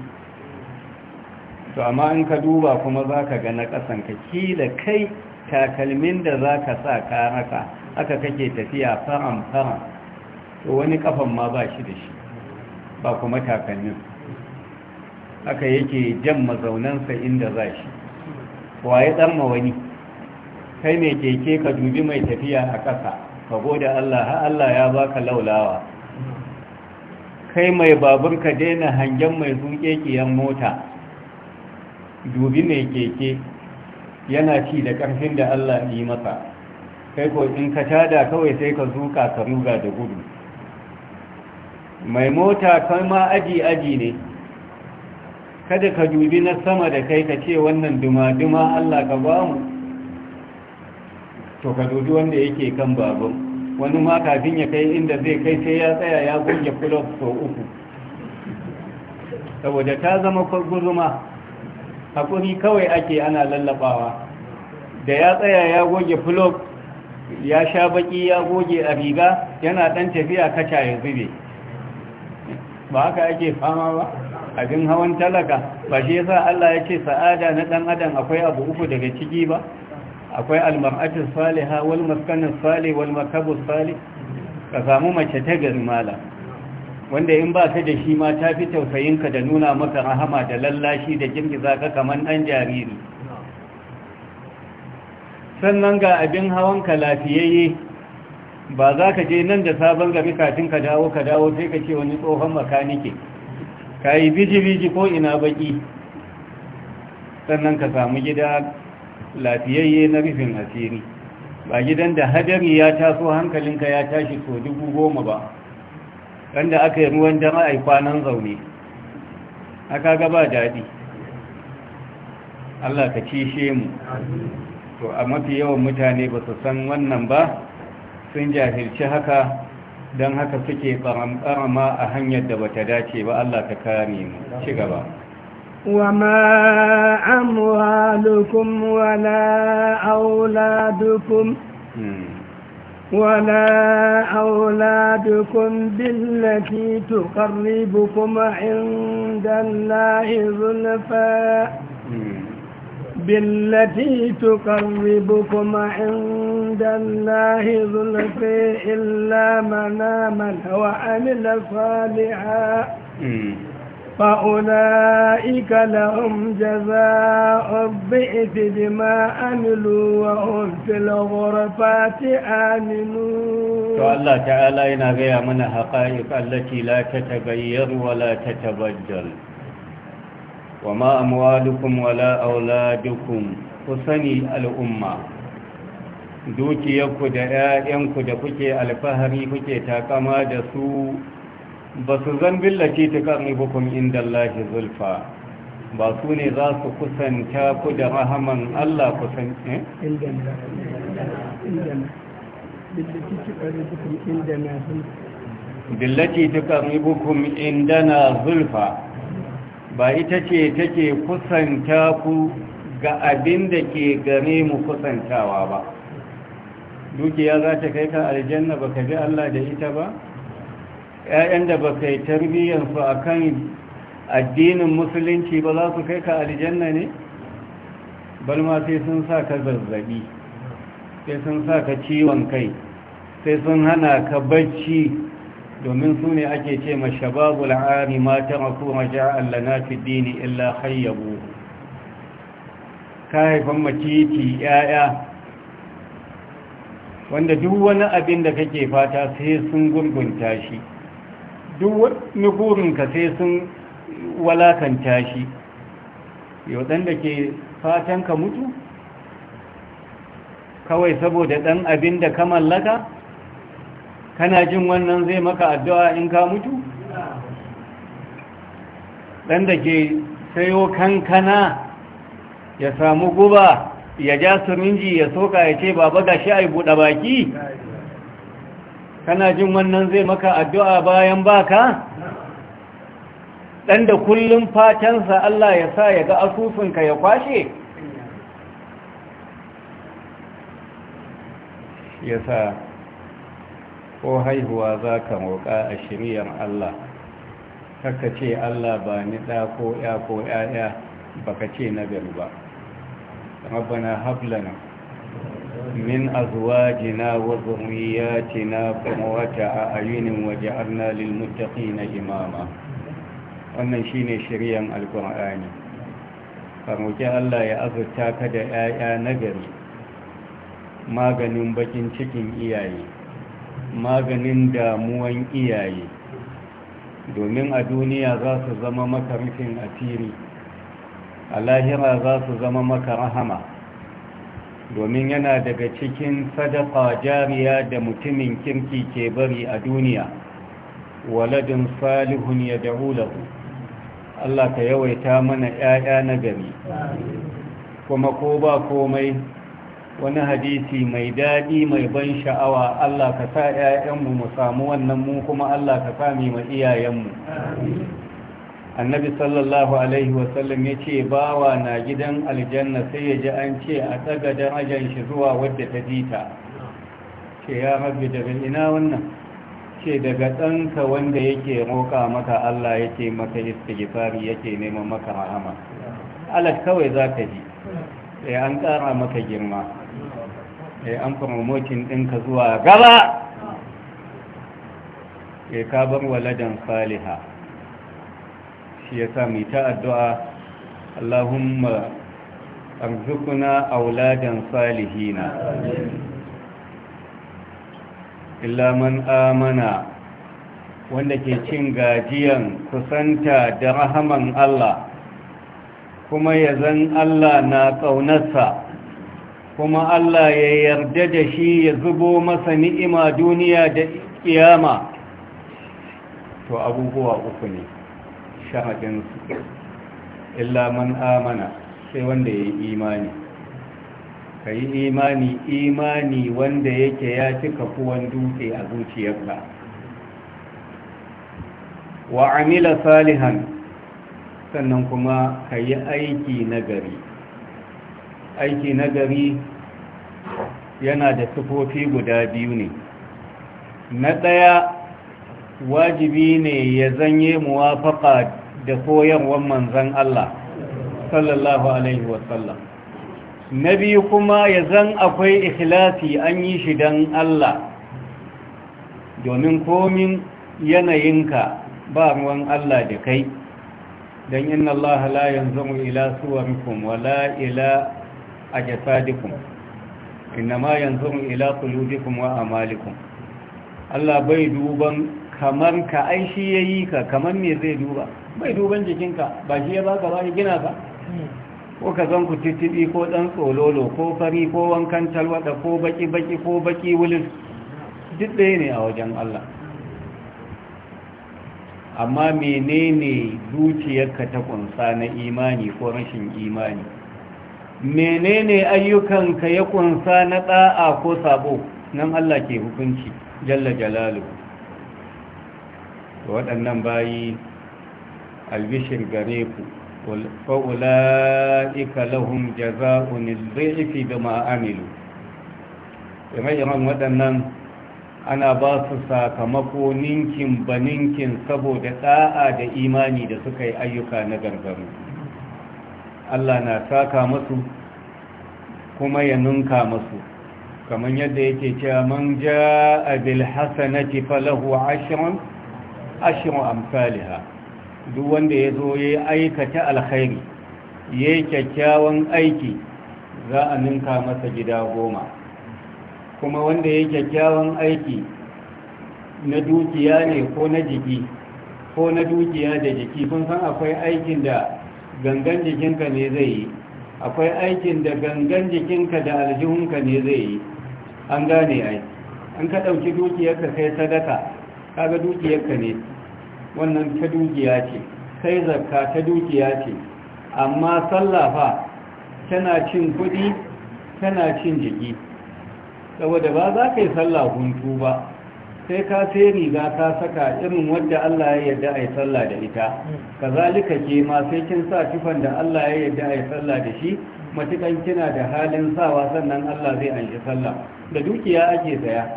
to amma in ka duba kuma za ka ga na ƙasanka kila kai takalmin da za ka sa karaka aka kake tafiya faran-faran to wani kafan ma ba shi da shi ba kuma takalmin aka yake jan mazaunansa inda za shi waye tsarma wani kai mai keke ka dubi mai tafiya a ƙasa ka gode Allah ha Allah ya baka laulawa kai mai babur ka daina hangen mai zuƙeƙiyar mota dubi mai keke yana ci da ƙarfin da Allah yi masa kai ko in ka tada kawai sai ka zuka ka ruga da gudu mai mota kai ma aji aji ne kada ka dubi na sama da kai ka ce wannan duma-duma Allah ka ba mu to ka dubi wanda yake kan babu wani ma kafin ya kai inda zai kai sai ya tsaya ya goge kulob sau uku saboda ta zama guzuma hakuri kawai ake ana lallabawa da ya tsaya ya goge flok ya sha baki ya goge a riga yana dan tafiya kaca ya zube ba haka ake fama ba abin hawan talaka ba shi yasa Allah ya ce sa'ada na dan adam akwai abu uku daga ciki ba akwai almar'atu salihah wal maskanu salih wal makabu salih ka samu mace ta gari mala wanda in ba ta da shi ma ta fi tausayinka da nuna maka rahama da lallashi da girgiza ka kamar ɗan jariri sannan ga abin hawan ka lafiyayye ba za ka je nan da sabon gari kafin ka dawo ka dawo sai ka ce wani tsohon makanike ka yi biji-biji ko ina baki sannan ka samu gida lafiyayye na rufin asiri ba gidan da hadari ya taso hankalinka ya tashi so dubu goma ba wanda aka yi ruwan dare a kwanan zaune aka gaba daɗi Allah ka cishe mu to a mafi yawan mutane ba su san wannan ba sun jahilci haka don haka suke ƙarama a hanyar da bata dace ba Allah ka kare mu ci gaba وما أموالكم ولا أولادكم ولا أولادكم بالتي تقربكم عند الله ظلفا بالتي تقربكم عند الله ظلفا إلا من آمن وعمل صالحا فأولئك لهم جزاء الضعف بما أملوا وهم في الغرفات آمنون فالله تعالى ينغي من حقائق التي لا تتغير ولا تتبجل وما أموالكم ولا أولادكم فسني الأمة دوتي da 'ya'yanku da الفهري alfahari تاكما دسوء ba su zan billace ta ƙarni bukum inda Allah zulfa ba su ne za su kusanta ku da rahaman Allah kusan eh billace ta ƙarni bukum inda na zulfa ba ita ce take kusanta ku ga abin da ke gare mu kusantawa ba dukiya za ta kai ka aljanna ba ka ji Allah da ita ba Ya'yan da baka yi tarbiyyarsu akan addinin musulunci ba za su kai ka aljanna ne balma sai sun sa ka zazzabi sai sun sa ka ciwon kai sai sun hana ka bacci domin su ne ake ce ma shababu la’ari mata a maja na fi dini illa hayyabu ka haifan maciji yaya wanda duk wani abin da kake fata sai sun gurgunta shi duk wani burinka sai sun walakanta shi yau ɗan ke fatan ka mutu kawai saboda ɗan abin da ka mallaka kana jin wannan zai maka addu'a in ka mutu ɗan da ke sayo kankana ya samu guba ya ja sirinji ya soka ya ce baba ga shi a buɗe baki kana jin wannan zai maka addu'a bayan ba ka? ɗan da kullum fatansa Allah ya sa ya ga asusunka ya kwashe ya sa ko haihuwa za ka moƙa a shiriyar Allah kaka ce Allah ba ni ɗa ko ya ko ya'ya baka ce na gari ba rabbana hablana من أزواجنا وذرياتنا فموتع أعين وجعلنا للمتقين إماما wannan shi shine shiryan alkur'ani kamuki Allah ya azurta ka da 'ya'ya gari. maganin bakin cikin iyaye maganin damuwan iyaye domin a duniya za su zama maka rufin asiri a lahira za su zama maka rahama domin yana daga cikin sadaka jariya da mutumin kirki ke bari a duniya waladin salihun ya da lahu Allah ka yawaita mana 'ya'ya na gari kuma ko ba komai wani hadisi mai daɗi mai ban sha'awa Allah ka sa 'ya'yanmu mu samu wannan mu kuma Allah ka sami ma iyayenmu annabi sallallahu alaihi wasallam ya ce bawa na gidan aljanna sai ya ji an ce a tsaga darajar shi zuwa wadda ta jita ce ya rabbi da ina wannan ce daga ɗanka wanda yake roƙa maka Allah yake maka istighfari yake neman maka rahama alat kawai za ka ji sai eh, an ƙara maka girma sai eh, an promotin ɗinka zuwa gaba sai eh, ka bar waladan saliha shi ya sa mai ta addu'a Allahumma arzukuna auladan salihina illa man amana wanda ke cin gajiyan kusanta da rahaman Allah kuma ya zan Allah na ƙaunarsa kuma Allah ya yarda da shi ya zubo masa ni'ima duniya da ƙiyama to abubuwa uku ne shahadinsu illa man amana sai wanda ya yi imani ka yi imani imani wanda yake ya cika kuwan dutse a zuciyarka wa amila salihan sannan kuma ka yi aiki nagari aiki nagari yana da sufofi guda biyu ne na ɗaya wajibi ne ya zanye muwafaƙa da koyarwar manzan Allah sallallahu alaihi wasallam na biyu kuma ya zan akwai ikhlasi an yi shi don Allah domin komin yanayinka ba ruwan Allah da kai don inna Allah la yanzu ila suwarikum wala ila inna ma yanzu ila qulubikum wa amalikum Allah bai duban kamar ka ai shi yayi ka kamar me zai duba bai duban jikinka ba shi ya baka ba ya gina ka ko ka zan ku titibi ko dan tsololo ko fari ko wankan talwada ko baki baki ko baki wulin duk ɗaya ne a wajen Allah amma menene zuciyarka ta kunsa na imani ko rashin imani menene ayyukanka ya kunsa na ɗa'a ko sabo nan Allah ke hukunci jalla jalalu waɗannan bayi albishir gare ku fa'ula'ika lahum jaza'un al-dhifi bima amilu ire-iren waɗannan ana ba su sakamako ninkin ba ninkin saboda ɗa'a da imani da suka yi ayyuka na gargaru Allah na saka masu kuma ya ninka masu kamar yadda yake cewa man ja'a bil hasanati falahu ashrun ashru amsalha duk wanda ya zo ya aikata alkhairi ya yi kyakkyawan aiki za a ninka masa gida goma kuma wanda ya yi kyakkyawan aiki na dukiya ne ko na jiki ko na dukiya da jiki kun san akwai aikin da gangan jikinka ne zai yi akwai aikin da gangan jikinka da aljihunka ne zai yi an gane aiki an ka ɗauki dukiyarka kai sadaka kaga dukiyarka ne wannan ta dukiya ce kai, zakka ta dukiya ce amma sallafa tana cin kudi tana cin jiki saboda ba za ka yi sallah huntu ba sai ka sai riga ka saka irin wadda Allah ya yarda a yi sallah da ita kazalika ke ma sai kin sa tufan da Allah ya yarda a yi sallah da shi matukan kina da halin sawa sannan Allah zai anshi sallah da dukiya ake saya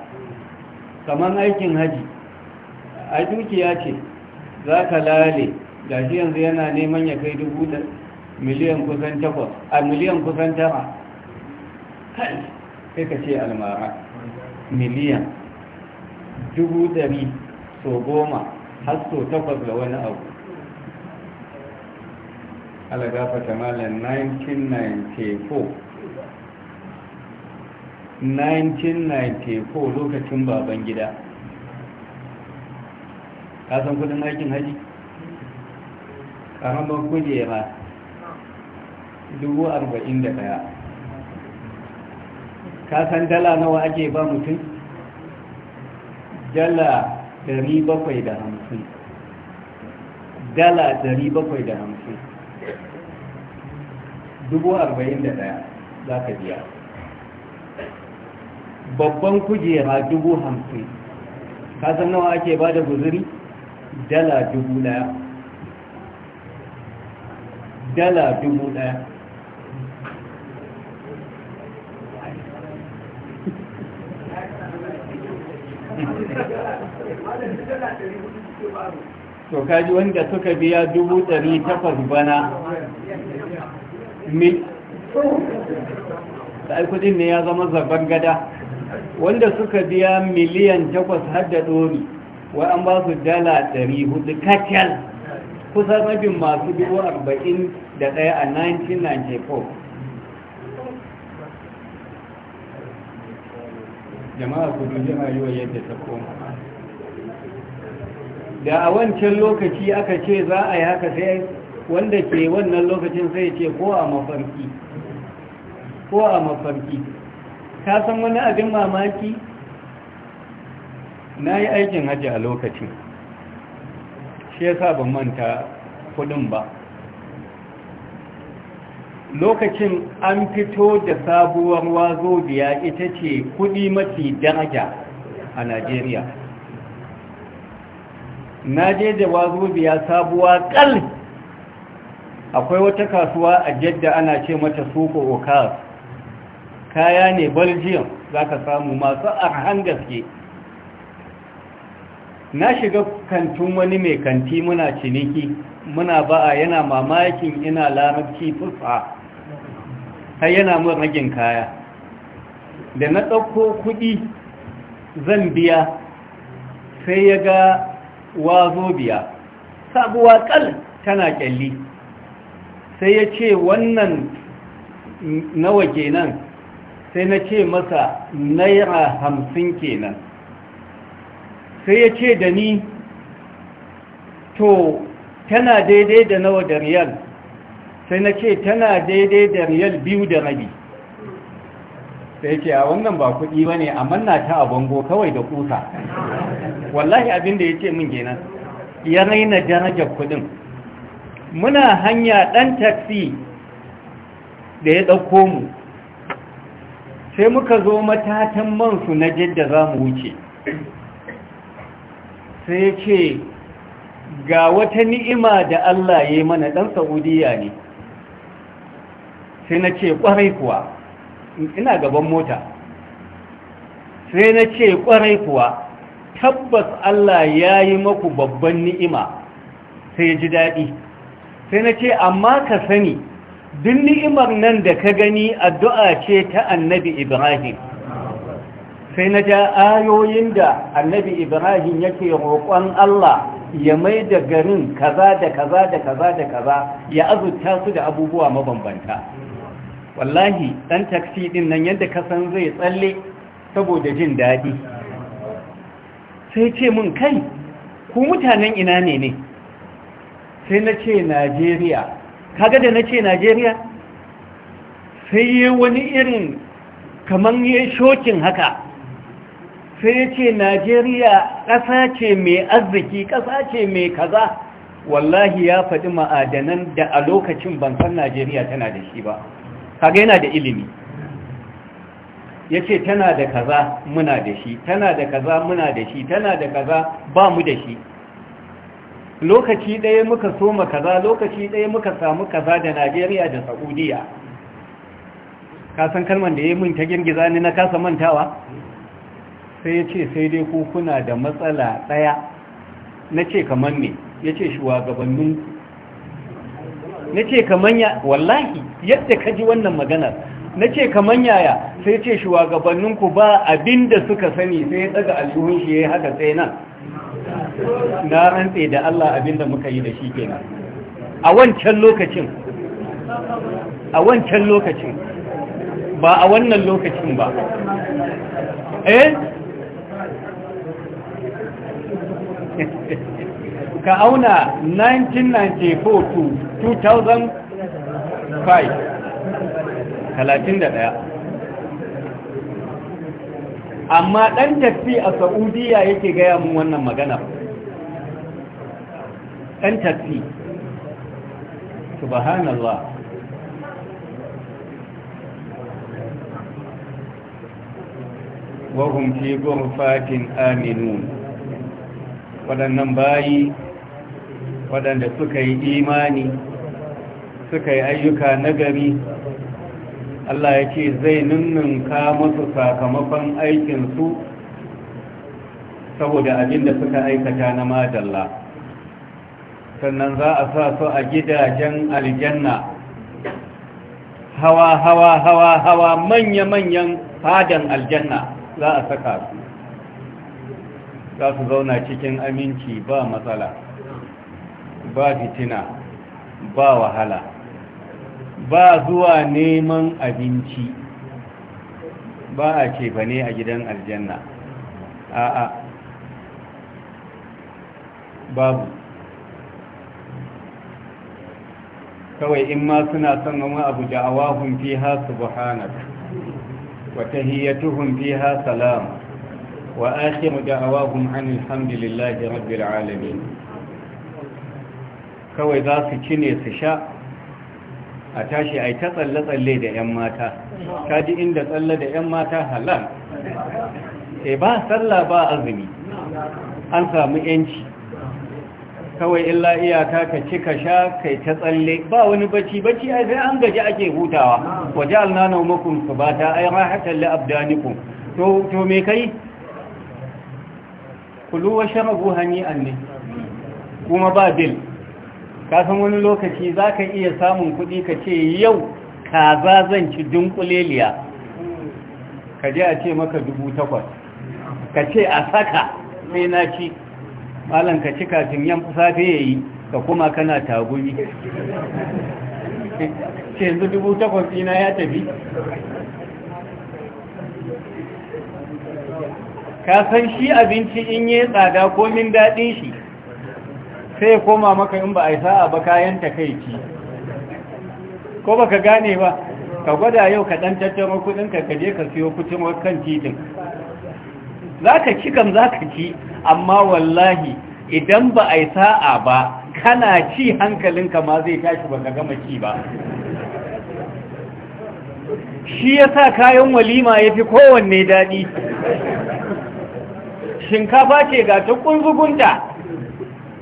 kamar aikin haji a dukiya ce za ka lale gashi yanzu yana neman ya kai dubu da miliyan kusan takwas a miliyan kusan tara kai ka ce almara miliyan dubu dari so goma har so takwas ga wani abu alagafa tamalin 1994 1994 lokacin baban gida ka san kudin aikin haji karamar kujera dubu arba'in da daya ka san dala nawa ake ba mutum dala dari bakwai da hamsin dala dari bakwai da hamsin dubu arba'in da daya za ka biya babban kujera dubu hamsin ka san nawa ake ba da guzuri dala dubu daya dala dubu daya to kaji wanda suka biya dubu ɗari takwas bana mil da aikudin ne ya zama zaban gada wanda suka biya miliyan takwas har da ɗori wai an ba su dala ɗari hudu kacal kusan rabin masu dubu arba'in da ɗaya a 1994 jama'a ku duji wa yadda ta koma da a wancan lokaci aka ce za a yi haka sai wanda ke wannan lokacin sai ce ko a mafarki ko a mafarki ka san wani abin mamaki na yi aikin hajji a lokacin shi ya sa ban manta kudin ba lokacin an fito da sabuwar wazo ita ce kudi mafi daraja a najeriya na je da wazo sabuwa kal akwai wata kasuwa a jadda ana ce mata suko okas kaya ne belgium za ka samu masu arhan gaske na shiga kantin wani mai kanti muna ciniki muna ba a yana mamakin ina larabci fusa har yana mun ragin kaya da na ɗauko kuɗi zan biya sai ya ga wazo biya sabuwa ƙal tana ƙyalli sai ya ce wannan nawa kenan sai na ce masa naira hamsin kenan sai ya ce da ni to tana daidai da nawa da riyal sai na ce tana daidai da riyal biyu da rabi sai ce a wannan ba kuɗi ba ne a manna ta a bango kawai da kusa wallahi abin da ya ce min gina ya raina darajar kuɗin muna hanya ɗan taksi da ya ɗauko mu sai muka zo matatan mansu na jidda za mu wuce sai ce ga wata ni'ima da Allah ya yi mana ɗan saudiya ne sai na ce ƙwarai kuwa ina gaban mota sai na ce ƙwarai kuwa tabbas Allah ya yi maku babban ni'ima sai ji daɗi sai na ce amma ka sani duk ni'imar nan da ka gani addu'a ce ta annabi ibrahim sai na ja ayoyin da annabi ibrahim yake roƙon Allah ya mai da garin kaza da kaza da kaza da kaza ya azurta su da abubuwa mabambanta wallahi ɗan taksi ɗin nan yadda kasan zai tsalle saboda jin daɗi sai ce mun kai ku mutanen ina ne ne sai na ce najeriya kaga da na ce najeriya sai yi wani irin kamar yi shokin haka sai ya ce najeriya ƙasa ce mai arziki ƙasa ce mai kaza wallahi ya faɗi ma'adanan da a lokacin bankan najeriya tana da shi ba kaga yana da ilimi ya ce tana da kaza muna da shi tana da kaza muna da shi tana da kaza ba mu da shi lokaci ɗaya muka soma kaza lokaci ɗaya muka samu kaza da najeriya da saudiya kasan kalman da ya yi mun ta girgiza ni na kasa mantawa sai ya ce sai dai ku kuna da matsala ɗaya na ce kamar ne ya ce shugabannin na ce kamar ya wallahi yadda ka ji wannan maganar na ce kamar yaya sai ce shugabanninku ba abin da suka sani sai ya tsaga alhuhun shi ya yi haka sai nan na rantse da Allah abin da muka yi da shi kenan a wancan lokacin a wancan lokacin ba a wannan lokacin ba eh ka auna 1994 to 2005 31 amma ɗan tafi a saudiya yake gaya mun wannan magana ɗan tafi subhanallah hum fi ghurfatin aminun waɗannan bayi waɗanda suka yi imani suka yi ayyuka nagari Allah ya ce zai nunninka masu sakamakon aikinsu saboda abinda suka aikata na madalla sannan za a sa su a gidajen aljanna hawa hawa hawa hawa manya-manyan fadan aljanna za a saka su za su zauna cikin aminci ba matsala ba fitina ba wahala ba zuwa neman abinci ba a cefa ne a gidan aljanna a'a babu kawai in ma suna son gama abu da da'awahun fiha subhanak wa tahiyyatuhum fiha salamu وآخر دعواهم عن الحمد لله رب العالمين kawai za su ci ne su sha a tashi a ta tsalle-tsalle da 'yan mata ta ji inda tsalle da 'yan mata halal sai ba sallah ba azumi an samu 'yanci kawai illa iyaka ka ci ka sha kai ta tsalle ba wani bacci bacci ai sai an gaji ake hutawa waje alnanau makon su ba ta ai rahatan la'abdanikun to me kai kulu wa sharabu hani'an ne kuma ba bil kasan wani lokaci za ka iya samun kuɗi ka ce yau kaza zan ci dunkuleliya ka je a ce maka dubu takwas ka ce a saka sai na ci malan ka ci kafin yan safe ya yi ka kuma kana tagumi ce yanzu dubu takwas ina ya tafi ka san shi abinci in yi tsada komin daɗi shi sai koma maka in ba a yi sa'a ba kayan takaici ko ba ka gane ba ka gwada yau ka ɗan tattama kudin ka ka je ka siyo kucin kan titin za ka ci kam za ka ci amma wallahi idan ba a yi sa'a ba kana ci hankalinka ma zai tashi ba ka gama ci ba shi ya sa kayan walima ya fi kowanne daɗi shinkafa ce ga ta kunzugunta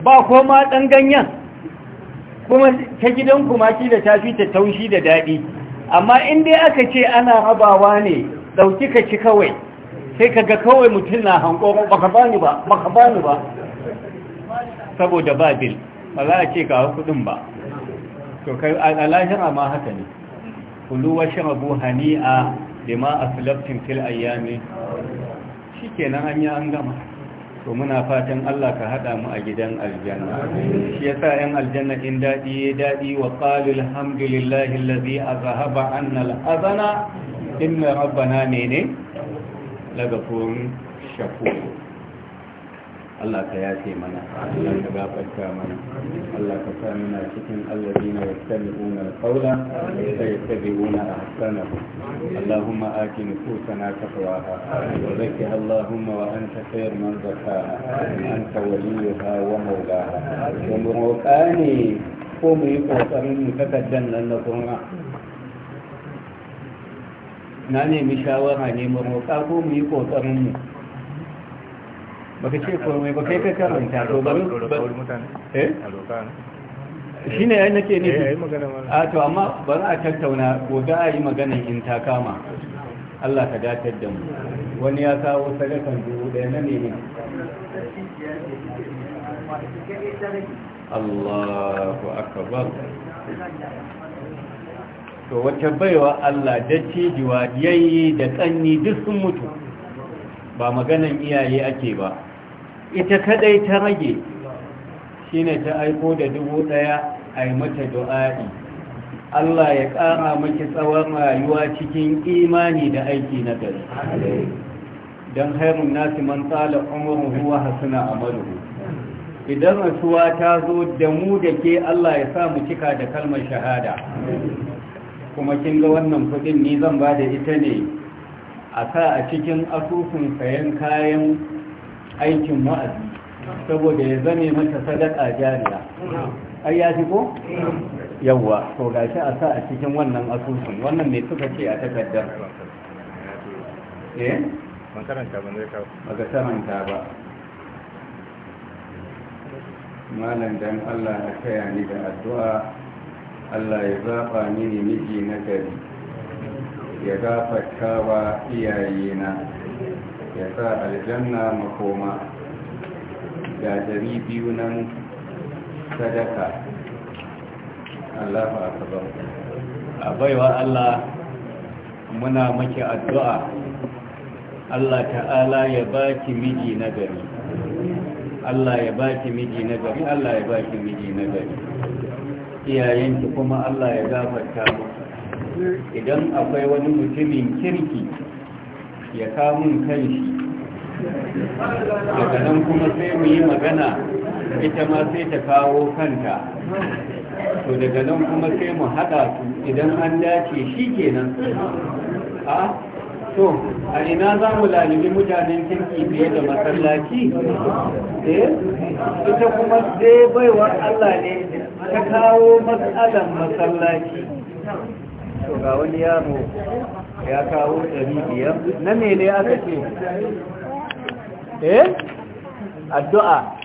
ba koma ɗan ganyen kuma ta gidan kumaki da ta fi ta taushi da daɗi amma in dai aka ce ana rabawa ne ɗauki ka ci kawai sai ka ga kawai mutum na hankoron baka bani ba baka ba saboda ba ba za a ce ga kudin ba to kai alashira ma haka ne kulu wa a hani'a a aslaftin fil ayyami shi kenan hanya an gama to muna fatan Allah ka haɗa mu a gidan aljanna shi yasa yan aljanna in daɗi ya daɗi wa qalu alhamdulillahi allazi azhaba anna al-azana inna rabbana daga lagafurun shakur Allah ka yafe mana Allah ka gafarta mana Allah ka sa muna cikin allazina yattabi'una al-qawla wa yattabi'una ahsanahu Allahumma ati nufusana taqwaha wa zakkiha Allahumma wa anta khayr man zakkaha anta waliyuha wa mawlaha wa murqani ko mu yi kokarin mu takaddan nan na kuma na nemi shawara ne mu roƙa ko mu yi kokarin mu baka ce mai baka kai ka karanta to bari eh shi ne ai nake ne eh, a to amma za a tattauna za a yi magana in ta kama Allah ka datar da mu wani ya kawo sadakan dubu ɗaya na ne Allahu akbar to wata baiwa Allah da cijiwa yayi da tsanni duk sun mutu ba maganan iyaye ake ba ita kadai ta rage Shi ne ta aiko da dubu daya a yi mata du'a'i Allah ya ƙara maki tsawon rayuwa cikin imani da aiki na gari don hairun nasi man tsala umaru ruwa hasuna amalu idan rasuwa ta zo da mu da ke Allah ya sa mu cika da kalmar shahada kuma kin ga wannan kudin ni zan ba da ita ne a sa a cikin asusun sayan kayan aikin wa'azi saboda ya zame mata sadaka jariya ai ya fi ko yawwa to gashi a sa a cikin wannan asusun wannan mai suka ce a takardar eh? ba malam dan Allah ya kaya ni da addu'a Allah ya zaɓa mini miji na gari ya ga wa iyayena ya sa aljanna makoma da dari biyu nan sadaka Allah ba a baiwa Allah muna maki addu'a Allah ta'ala ya baki miji na gari Allah ya baki miji na gari Allah ya baki miji na gari iyayenki kuma Allah ya gafarta idan akwai wani mutumin kirki ya kamun kan shi daga nan kuma sai mu yi magana ita ma sai ta kawo kanta to daga nan kuma sai mu haɗa su idan an dace shi kenan a to a ina za mu lalibi mutanen kirki fiye da masallaci eh ita kuma sai baiwar Allah ne ta kawo matsalan masallaci to ga wani yaro ya kawo ɗari biyar na mene aka ce eh addu'a